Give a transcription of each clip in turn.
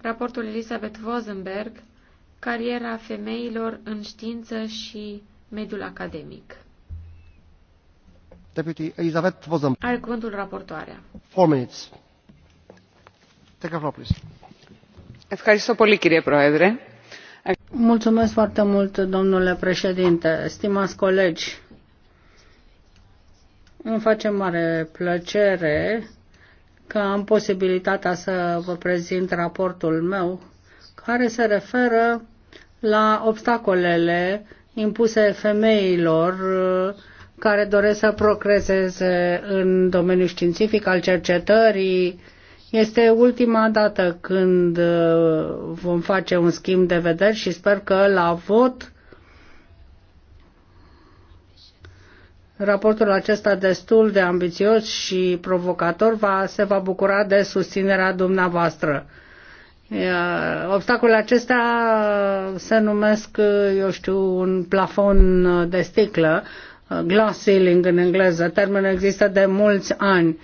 raportul Elisabeth Vosenberg, Cariera femeilor în știință și mediul academic. Deputy Elizabeth Vosenberg. Are cuvântul raportoarea. Four minutes. Take a floor, please. Ευχαριστώ πολύ, κύριε Πρόεδρε. Mulțumesc foarte mult, domnule președinte. Stimați colegi, îmi face mare plăcere că am posibilitatea să vă prezint raportul meu care se referă la obstacolele impuse femeilor uh, care doresc să procreseze în domeniul științific al cercetării. Este ultima dată când uh, vom face un schimb de vederi și sper că la vot Raportul acesta destul de ambițios și provocator va, se va bucura de susținerea dumneavoastră. Obstacolele acestea se numesc, eu știu, un plafon de sticlă, glass ceiling în engleză. Termenul există de mulți ani.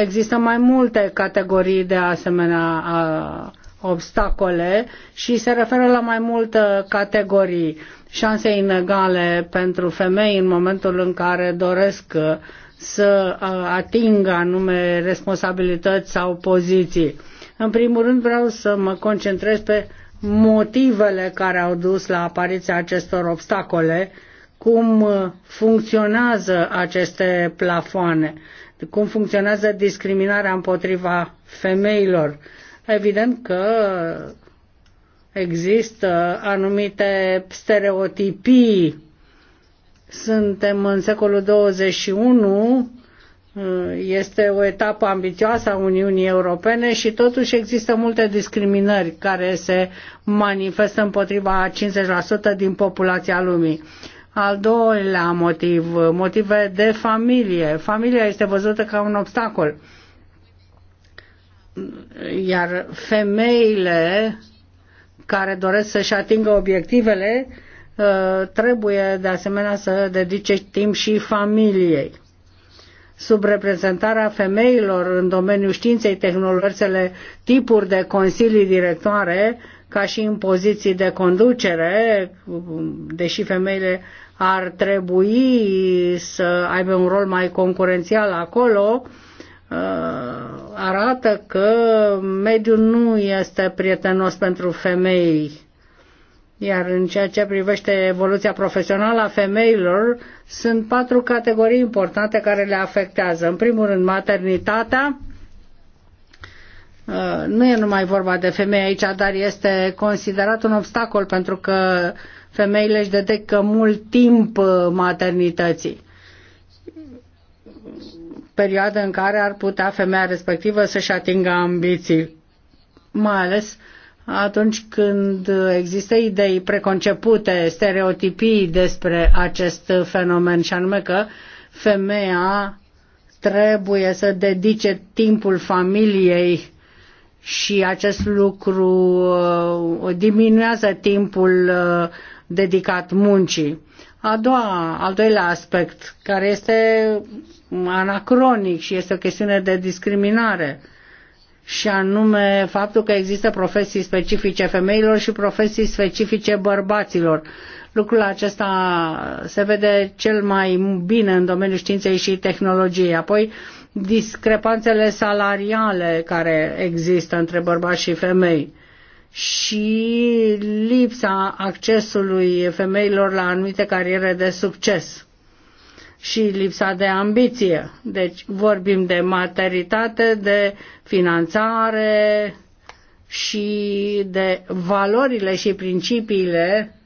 Există mai multe categorii de asemenea obstacole și se referă la mai multe categorii, șanse inegale pentru femei în momentul în care doresc uh, să uh, atingă anume responsabilități sau poziții. În primul rând vreau să mă concentrez pe motivele care au dus la apariția acestor obstacole, cum uh, funcționează aceste plafoane, cum funcționează discriminarea împotriva femeilor, Evident că există anumite stereotipii. Suntem în secolul 21, este o etapă ambițioasă a Uniunii Europene și totuși există multe discriminări care se manifestă împotriva 50% din populația lumii. Al doilea motiv, motive de familie. Familia este văzută ca un obstacol iar femeile care doresc să-și atingă obiectivele uh, trebuie de asemenea să dedice timp și familiei. Subreprezentarea femeilor în domeniul științei, tehnologiile, tipuri de consilii directoare, ca și în poziții de conducere, deși femeile ar trebui să aibă un rol mai concurențial acolo, uh, Uh, arată că mediul nu este prietenos pentru femei. Iar în ceea ce privește evoluția profesională a femeilor, sunt patru categorii importante care le afectează. În primul rând, maternitatea. Uh, nu e numai vorba de femei aici, dar este considerat un obstacol pentru că femeile își dedică mult timp uh, maternității perioadă în care ar putea femeia respectivă să-și atingă ambiții, mai ales atunci când există idei preconcepute, stereotipii despre acest fenomen și anume că femeia trebuie să dedice timpul familiei și acest lucru uh, diminuează timpul uh, dedicat muncii. A doua, al doilea aspect, care este anacronic și este o chestiune de discriminare, și anume faptul că există profesii specifice femeilor și profesii specifice bărbaților. Lucrul acesta se vede cel mai bine în domeniul științei și tehnologiei. Apoi, discrepanțele salariale care există între bărbați și femei și lipsa accesului femeilor la anumite cariere de succes și lipsa de ambiție. Deci vorbim de materitate, de finanțare și de valorile și principiile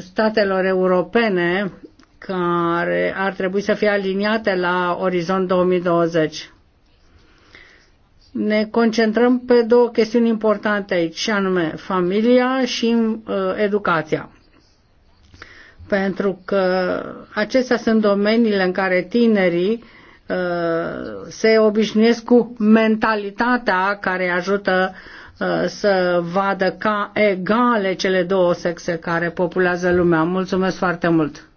statelor europene care ar trebui să fie aliniate la orizont 2020 ne concentrăm pe două chestiuni importante aici, și anume familia și uh, educația. Pentru că acestea sunt domeniile în care tinerii uh, se obișnuiesc cu mentalitatea care ajută uh, să vadă ca egale cele două sexe care populează lumea. Mulțumesc foarte mult!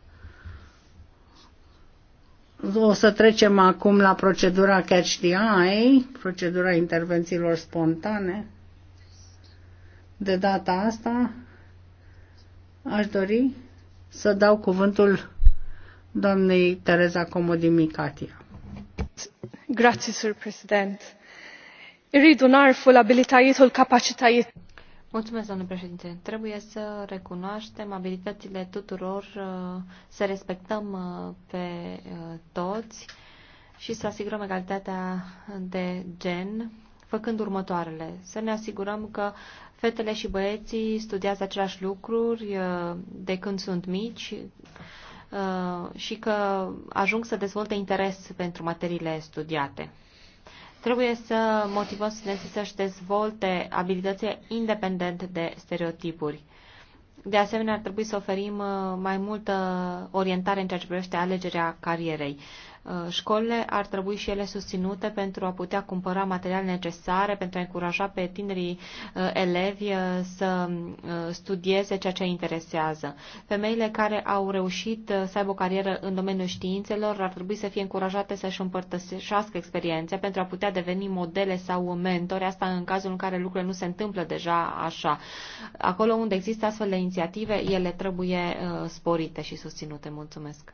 O să trecem acum la procedura catch the eye, procedura intervențiilor spontane. De data asta aș dori să dau cuvântul doamnei Tereza Comodimicatia. Grazie, Sir President. Iridunar narfu l-abilitajiet u l-kapacitajiet Mulțumesc, domnule președinte. Trebuie să recunoaștem abilitățile tuturor, uh, să respectăm uh, pe uh, toți și să asigurăm egalitatea de gen, făcând următoarele. Să ne asigurăm că fetele și băieții studiază același lucruri de când sunt mici și că ajung să dezvolte interes pentru materiile studiate. Trebuie să motivăm studenții să-și dezvolte abilități independent de stereotipuri. De asemenea, ar trebui să oferim uh, mai multă orientare în ceea ce privește alegerea carierei. Uh, școlile ar trebui și ele susținute pentru a putea cumpăra materiale necesare, pentru a încuraja pe tinerii uh, elevi uh, să studieze ceea ce interesează. Femeile care au reușit să aibă o carieră în domeniul științelor ar trebui să fie încurajate să-și împărtășească experiențe pentru a putea deveni modele sau mentori, asta în cazul în care lucrurile nu se întâmplă deja așa. Acolo unde există astfel de inițiative, ele trebuie sporite și susținute. Mulțumesc!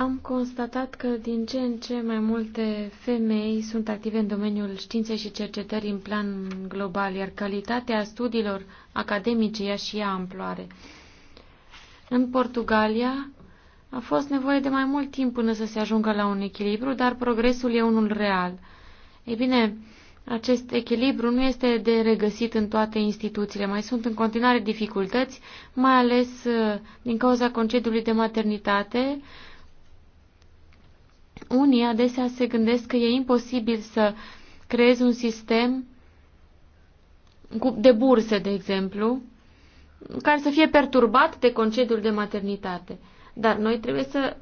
Am constatat că din ce în ce mai multe femei sunt active în domeniul științei și cercetării în plan global, iar calitatea studiilor academice ia și ea amploare. În Portugalia a fost nevoie de mai mult timp până să se ajungă la un echilibru, dar progresul e unul real. Ei bine, acest echilibru nu este de regăsit în toate instituțiile. Mai sunt în continuare dificultăți, mai ales uh, din cauza concediului de maternitate, unii adesea se gândesc că e imposibil să creezi un sistem de burse, de exemplu, care să fie perturbat de concediul de maternitate. Dar noi trebuie să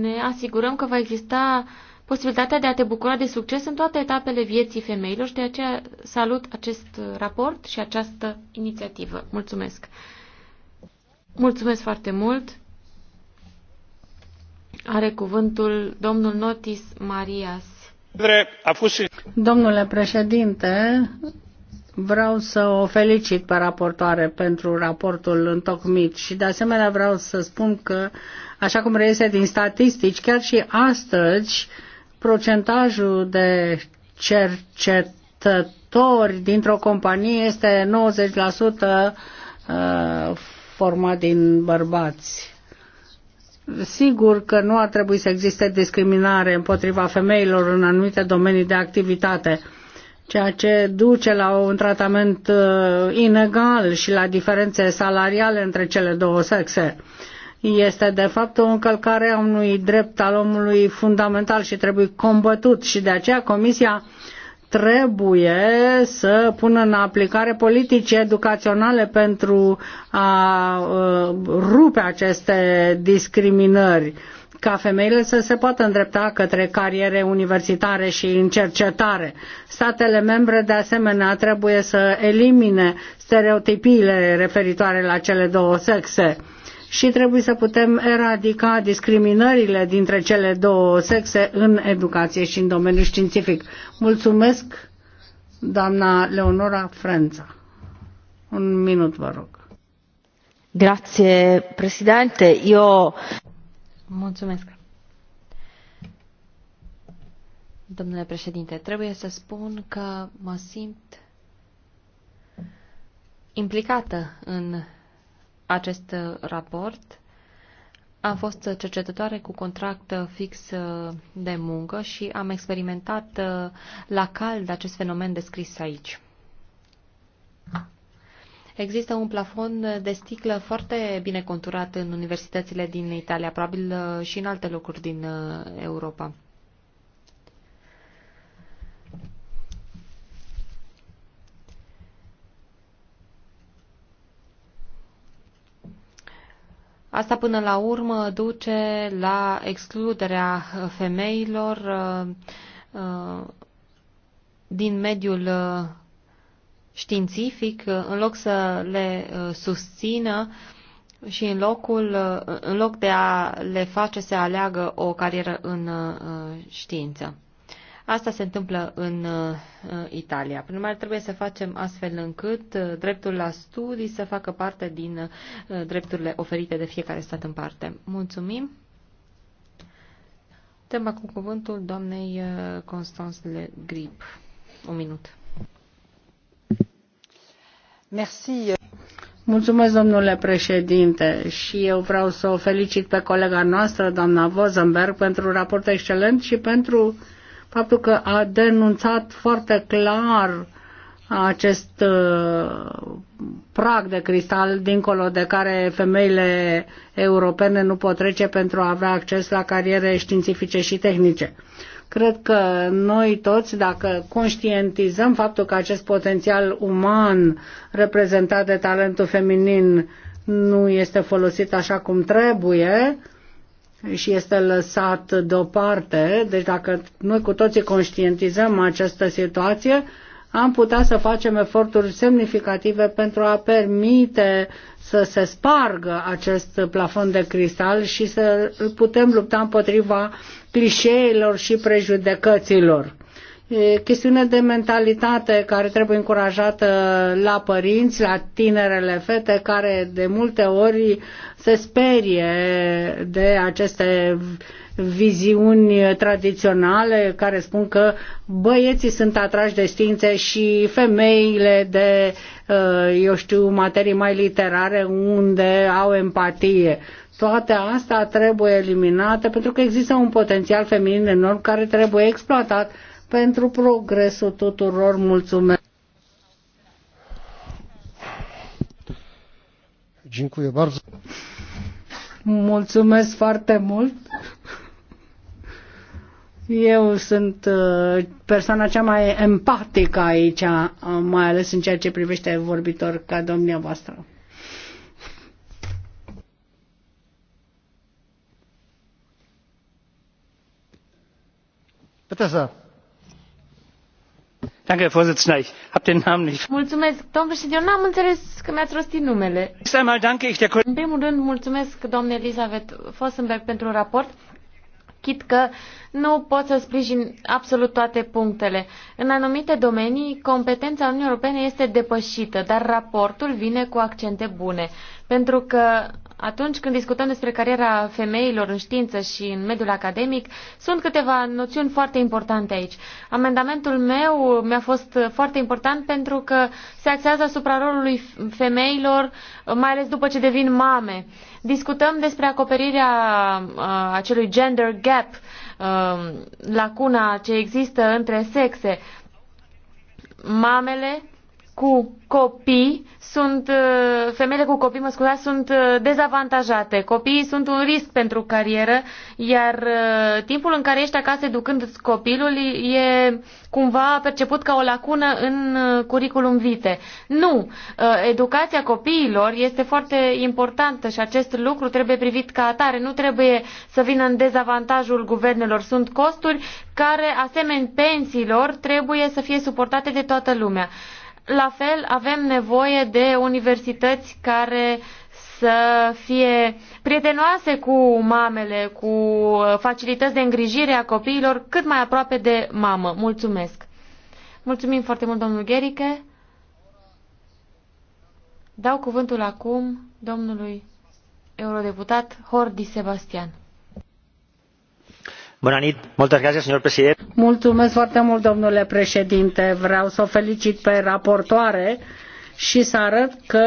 ne asigurăm că va exista posibilitatea de a te bucura de succes în toate etapele vieții femeilor și de aceea salut acest raport și această inițiativă. Mulțumesc! Mulțumesc foarte mult! Are cuvântul domnul Notis Marias. Domnule președinte, vreau să o felicit pe raportoare pentru raportul întocmit și de asemenea vreau să spun că, așa cum reiese din statistici, chiar și astăzi procentajul de cercetători dintr-o companie este 90% uh, format din bărbați. Sigur că nu ar trebui să existe discriminare împotriva femeilor în anumite domenii de activitate, ceea ce duce la un tratament uh, inegal și la diferențe salariale între cele două sexe. Este de fapt o încălcare a unui drept al omului fundamental și trebuie combătut și de aceea Comisia trebuie să pună în aplicare politici educaționale pentru a uh, rupe aceste discriminări ca femeile să se poată îndrepta către cariere universitare și în cercetare. Statele membre, de asemenea, trebuie să elimine stereotipiile referitoare la cele două sexe și trebuie să putem eradica discriminările dintre cele două sexe în educație și în domeniul științific. Mulțumesc, doamna Leonora Frența. Un minut, vă rog. Grazie, președinte. Eu... Mulțumesc. Domnule președinte, trebuie să spun că mă simt implicată în acest uh, raport. Am fost cercetătoare cu contract uh, fix uh, de muncă și am experimentat la cald acest fenomen descris aici. Există un plafon de sticlă foarte bine conturat în universitățile din Italia, probabil și în alte locuri din Europa. Asta până la urmă duce la excluderea femeilor uh, uh, din mediul uh, științific, în loc să le susțină și în, locul, în loc de a le face să aleagă o carieră în știință. Asta se întâmplă în uh, Italia. Prin urmare, trebuie să facem astfel încât uh, dreptul la studii să facă parte din uh, drepturile oferite de fiecare stat în parte. Mulțumim! Dăm acum cuvântul doamnei Constance Le Grip. Un minut. Merci. Mulțumesc, domnule președinte, și eu vreau să o felicit pe colega noastră, doamna Vozenberg, pentru un raport excelent și pentru faptul că a denunțat foarte clar acest uh, prag de cristal dincolo de care femeile europene nu pot trece pentru a avea acces la cariere științifice și tehnice. Cred că noi toți, dacă conștientizăm faptul că acest potențial uman reprezentat de talentul feminin nu este folosit așa cum trebuie, uh, și este lăsat deoparte. Deci dacă noi cu toții conștientizăm această situație, am putea să facem eforturi semnificative pentru a permite să se spargă acest plafon de cristal și să putem lupta împotriva clișeilor și prejudecăților chestiune de mentalitate care trebuie încurajată la părinți, la tinerele fete care de multe ori se sperie de aceste viziuni tradiționale care spun că băieții sunt atrași de științe și femeile de, uh, eu știu, materii mai literare unde au empatie. Toate astea trebuie eliminate pentru că există un potențial feminin enorm care trebuie exploatat pentru progresul tuturor. Mulțumesc! Dziękuję bardzo. Mulțumesc foarte mult. Eu sunt uh, persoana cea mai empatică aici, uh, mai ales în ceea ce privește vorbitor ca domnia voastră. Bitte Herr Ich habe den Namen nicht. Mulțumesc, domnul președinte. n-am înțeles că mi-ați rostit numele. În primul rând, mulțumesc, domnule Elisabeth Fossenberg, pentru raport chit că nu pot să sprijin absolut toate punctele. În anumite domenii, competența Uniunii Europene este depășită, dar raportul vine cu accente bune, pentru că atunci când discutăm despre cariera femeilor în știință și în mediul academic, sunt câteva noțiuni foarte importante aici. Amendamentul meu mi-a fost foarte important pentru că se axează asupra rolului femeilor, mai ales după ce devin mame. Discutăm despre acoperirea uh, acelui gender gap, uh, lacuna ce există între sexe. Mamele cu copii sunt, uh, femeile cu copii, mă scuzați, sunt uh, dezavantajate. Copiii sunt un risc pentru carieră, iar uh, timpul în care ești acasă educând copilul e cumva perceput ca o lacună în curriculum vitae. Nu! Educația copiilor este foarte importantă și acest lucru trebuie privit ca atare. Nu trebuie să vină în dezavantajul guvernelor. Sunt costuri care, asemeni pensiilor, trebuie să fie suportate de toată lumea. La fel, avem nevoie de universități care să fie prietenoase cu mamele, cu uh, facilități de îngrijire a copiilor cât mai aproape de mamă. Mulțumesc! Mulțumim foarte mult, domnul Gherică. Dau cuvântul acum domnului eurodeputat Hordi Sebastian. Mulțumesc foarte mult, domnule președinte. Vreau să o felicit pe raportoare și să arăt că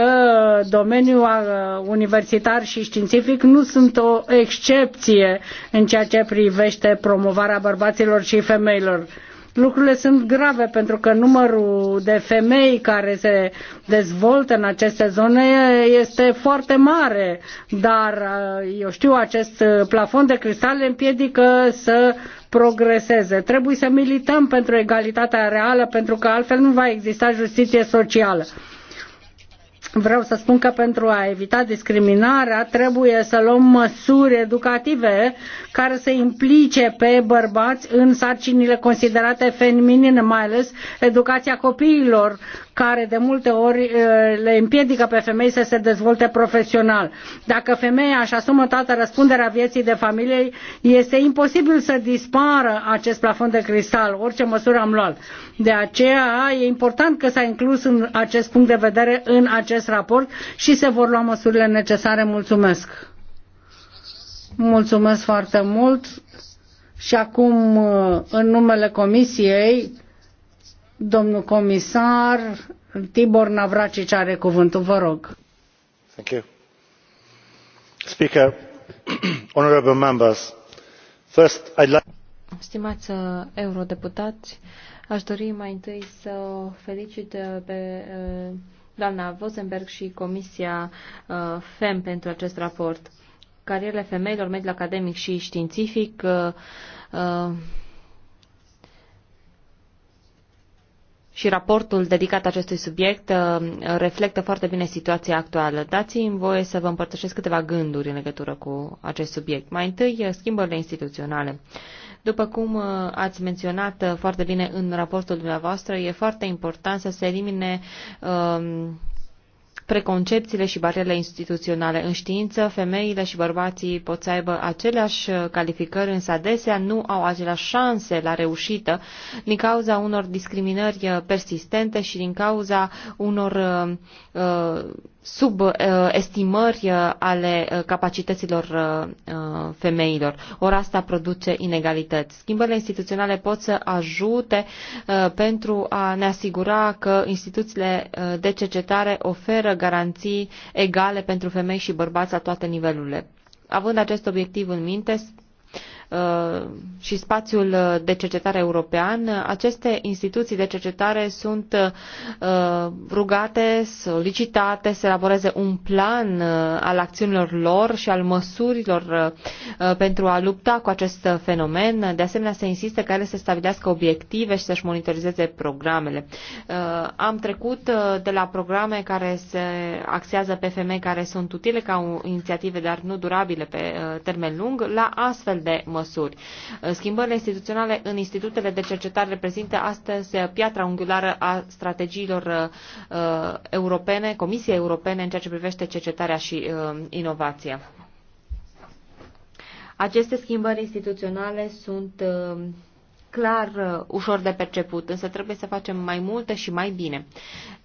domeniul uh, universitar și științific nu sunt o excepție în ceea ce privește promovarea bărbaților și femeilor lucrurile sunt grave pentru că numărul de femei care se dezvoltă în aceste zone este foarte mare, dar uh, eu știu, acest uh, plafon de cristal le împiedică să progreseze. Trebuie să milităm pentru egalitatea reală, pentru că altfel nu va exista justiție socială. Vreau să spun că pentru a evita discriminarea trebuie să luăm măsuri educative care să implice pe bărbați în sarcinile considerate feminine, mai ales educația copiilor, care de multe ori le împiedică pe femei să se dezvolte profesional. Dacă femeia își asumă toată răspunderea vieții de familie, este imposibil să dispară acest plafon de cristal, orice măsură am luat. De aceea e important că s-a inclus în acest punct de vedere în acest acest raport și se vor lua măsurile necesare. Mulțumesc! Mulțumesc foarte mult! Și acum, în numele Comisiei, domnul comisar Tibor Navracici are cuvântul. Vă rog. Thank you. Speaker, honorable members, first I'd like... Stimați uh, eurodeputați, aș dori mai întâi să felicit uh, pe uh, doamna Vosenberg și Comisia uh, FEM pentru acest raport. Carierele femeilor, mediul academic și științific uh, uh, și raportul dedicat acestui subiect reflectă foarte bine situația actuală. Dați-mi voie să vă împărtășesc câteva gânduri în legătură cu acest subiect. Mai întâi, schimbările instituționale. După cum uh, ați menționat uh, foarte bine în raportul dumneavoastră, e foarte important să se elimine um, preconcepțiile și barierele instituționale. În știință, femeile și bărbații pot să aibă aceleași uh, calificări, însă adesea nu au aceleași șanse la reușită din cauza unor discriminări persistente și din cauza unor uh, subestimări uh, uh, ale uh, capacităților femeilor. Ori asta produce inegalități. Schimbările instituționale pot să ajute pentru a ne asigura că instituțiile de cercetare oferă garanții egale pentru femei și bărbați la toate nivelurile. Având acest obiectiv în minte, Uh, și spațiul de cercetare european, aceste instituții de cercetare sunt uh, rugate, solicitate să elaboreze un plan uh, al acțiunilor lor și al măsurilor pentru a lupta cu acest fenomen. De asemenea, se insistă că ele să stabilească obiective și să-și monitorizeze programele. Am trecut de la programe care se axează pe femei care sunt utile ca inițiative, dar nu durabile pe termen lung, la astfel de măsuri măsuri. Schimbările instituționale în institutele de cercetare reprezintă astăzi piatra unghiulară a strategiilor uh, europene, Comisiei Europene în ceea ce privește cercetarea și uh, inovația. Aceste schimbări instituționale sunt uh, clar uh, ușor de perceput, însă trebuie să facem mai multe și mai bine.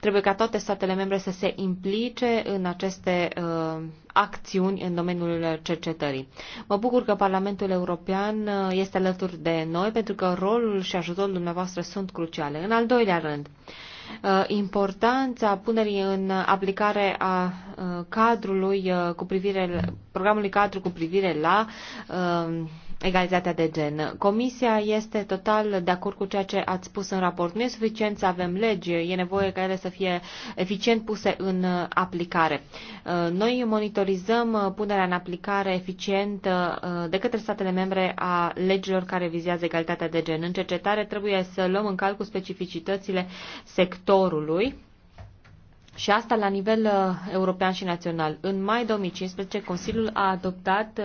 Trebuie ca toate statele membre să se implice în aceste uh, acțiuni în domeniul cercetării. Mă bucur că Parlamentul European uh, este alături de noi pentru că rolul și ajutorul dumneavoastră sunt cruciale. În al doilea rând, uh, importanța punerii în aplicare a cadrului cu privire programului cadru cu privire la uh, egalitatea de gen. Comisia este total de acord cu ceea ce ați spus în raport. Nu e suficient să avem legi, e nevoie ca ele să fie eficient puse în aplicare. Uh, noi monitorizăm punerea în aplicare eficientă uh, de către statele membre a legilor care vizează egalitatea de gen. În cercetare trebuie să luăm în calcul specificitățile sectorului și asta la nivel uh, european și național. În mai 2015, Consiliul a adoptat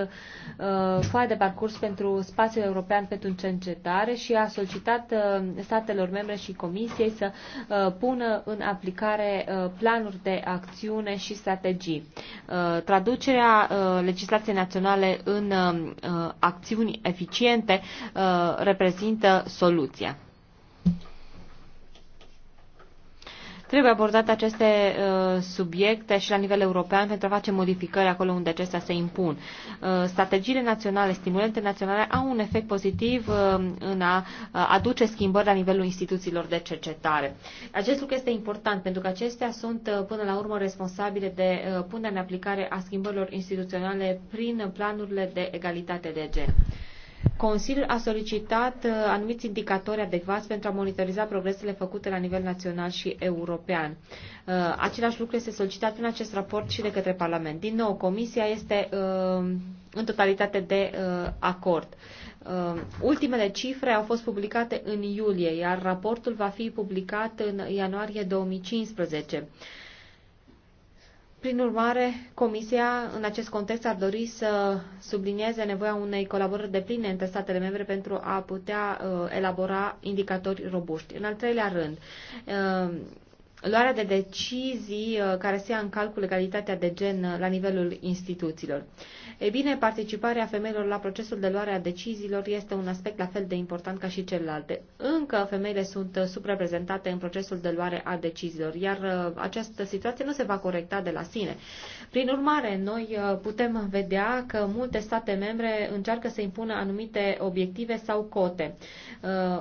uh, foaia de parcurs pentru spațiul european pentru încetare și a solicitat uh, statelor membre și Comisiei să uh, pună în aplicare uh, planuri de acțiune și strategii. Uh, traducerea uh, legislației naționale în uh, acțiuni eficiente uh, reprezintă soluția. Trebuie abordate aceste uh, subiecte și la nivel european pentru a face modificări acolo unde acestea se impun. Uh, strategiile naționale, stimulente naționale au un efect pozitiv uh, în a uh, aduce schimbări la nivelul instituțiilor de cercetare. Acest lucru este important pentru că acestea sunt uh, până la urmă responsabile de uh, punerea în aplicare a schimbărilor instituționale prin planurile de egalitate de gen. Consiliul a solicitat uh, anumiți indicatori adecvați pentru a monitoriza progresele făcute la nivel național și european. Uh, același lucru este solicitat prin acest raport și de către Parlament. Din nou, Comisia este uh, în totalitate de acord. Ultimele cifre au fost publicate în iulie, iar raportul va fi publicat în ianuarie 2015. Prin urmare, Comisia, în acest context, ar dori să sublinieze nevoia unei colaborări de pline între statele membre pentru a putea uh, elabora indicatori robuști. În al treilea rând, uh, luarea de decizii uh, care se ia în calcul egalitatea de gen uh, la nivelul instituțiilor. E bine, participarea femeilor la procesul de luare a deciziilor este un aspect la fel de important ca și celelalte. Încă femeile sunt uh, subreprezentate în procesul de luare a deciziilor, iar această situație nu se va corecta de la sine. Prin urmare, noi putem vedea că multe state membre încearcă să impună anumite obiective sau cote.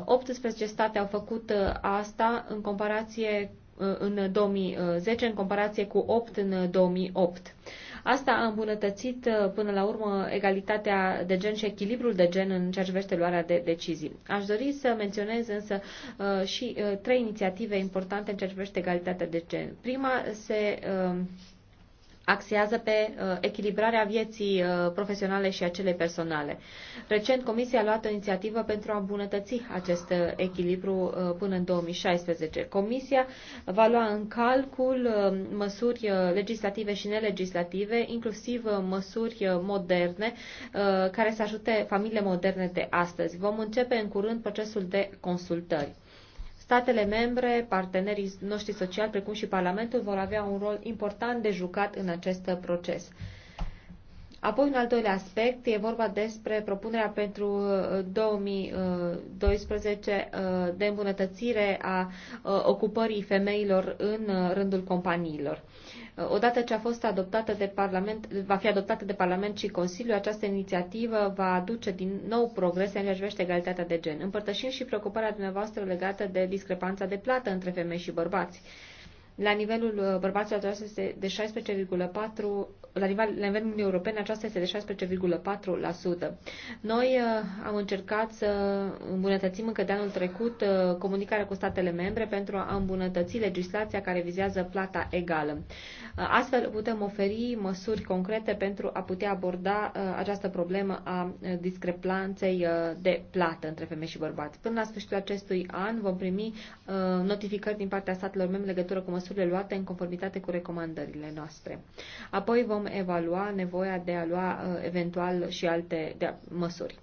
18 state au făcut asta în comparație Uh, în 2010 în comparație cu 8 în 2008. Asta a îmbunătățit uh, până la urmă egalitatea de gen și echilibrul de gen în ceea ce privește luarea de decizii. Aș dori să menționez însă uh, și trei inițiative importante în ceea ce privește egalitatea de gen. Prima se axează pe uh, echilibrarea vieții uh, profesionale și a celei personale. Recent, Comisia a luat o inițiativă pentru a îmbunătăți acest uh, echilibru până în 2016. Comisia va lua în calcul măsuri legislative și nelegislative, inclusiv măsuri moderne care să ajute familiile moderne de astăzi. Vom începe în curând procesul de consultări. Statele membre, partenerii noștri sociali, precum și Parlamentul, vor avea un rol important de jucat în acest proces. Apoi, un al doilea aspect, e vorba despre propunerea pentru 2012 uh, uh, uh, de îmbunătățire a ocupării femeilor în rândul companiilor. Odată ce a fost adoptată de Parlament, va fi adoptată de Parlament și Consiliu, această inițiativă va aduce din nou progrese în lejește egalitatea de gen. Împărtășim și preocuparea dumneavoastră legată de discrepanța de plată între femei și bărbați. La nivelul bărbaților, aceasta este de la nivel, la nivel european, aceasta este de 16,4%. Noi uh, am încercat să îmbunătățim încă de anul trecut uh, comunicarea cu statele membre pentru a îmbunătăți legislația care vizează plata egală. Uh, astfel putem oferi măsuri concrete pentru a putea aborda uh, această problemă a uh, discrepanței uh, de plată între femei și bărbați. Până la sfârșitul acestui an vom primi uh, notificări din partea statelor membre în legătură cu măsurile luate în conformitate cu recomandările noastre. Apoi vom vom evalua nevoia de a lua uh, eventual și alte măsuri.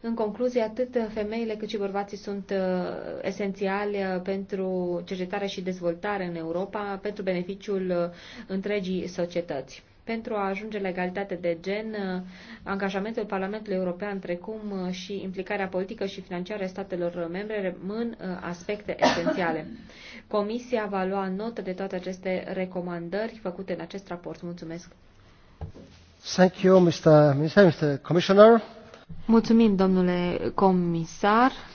În concluzie, atât femeile cât și bărbații sunt uh, esențiale uh, pentru cercetare și dezvoltare în Europa, pentru beneficiul întregii societăți pentru a ajunge la egalitate de gen, uh, angajamentul Parlamentului European, precum uh, și implicarea politică și financiară a statelor membre, rămân uh, aspecte esențiale. Comisia va lua notă de toate aceste recomandări făcute în acest raport. Mulțumesc! Thank you, Mr. Mr. Mr. Commissioner. Mulțumim, domnule comisar.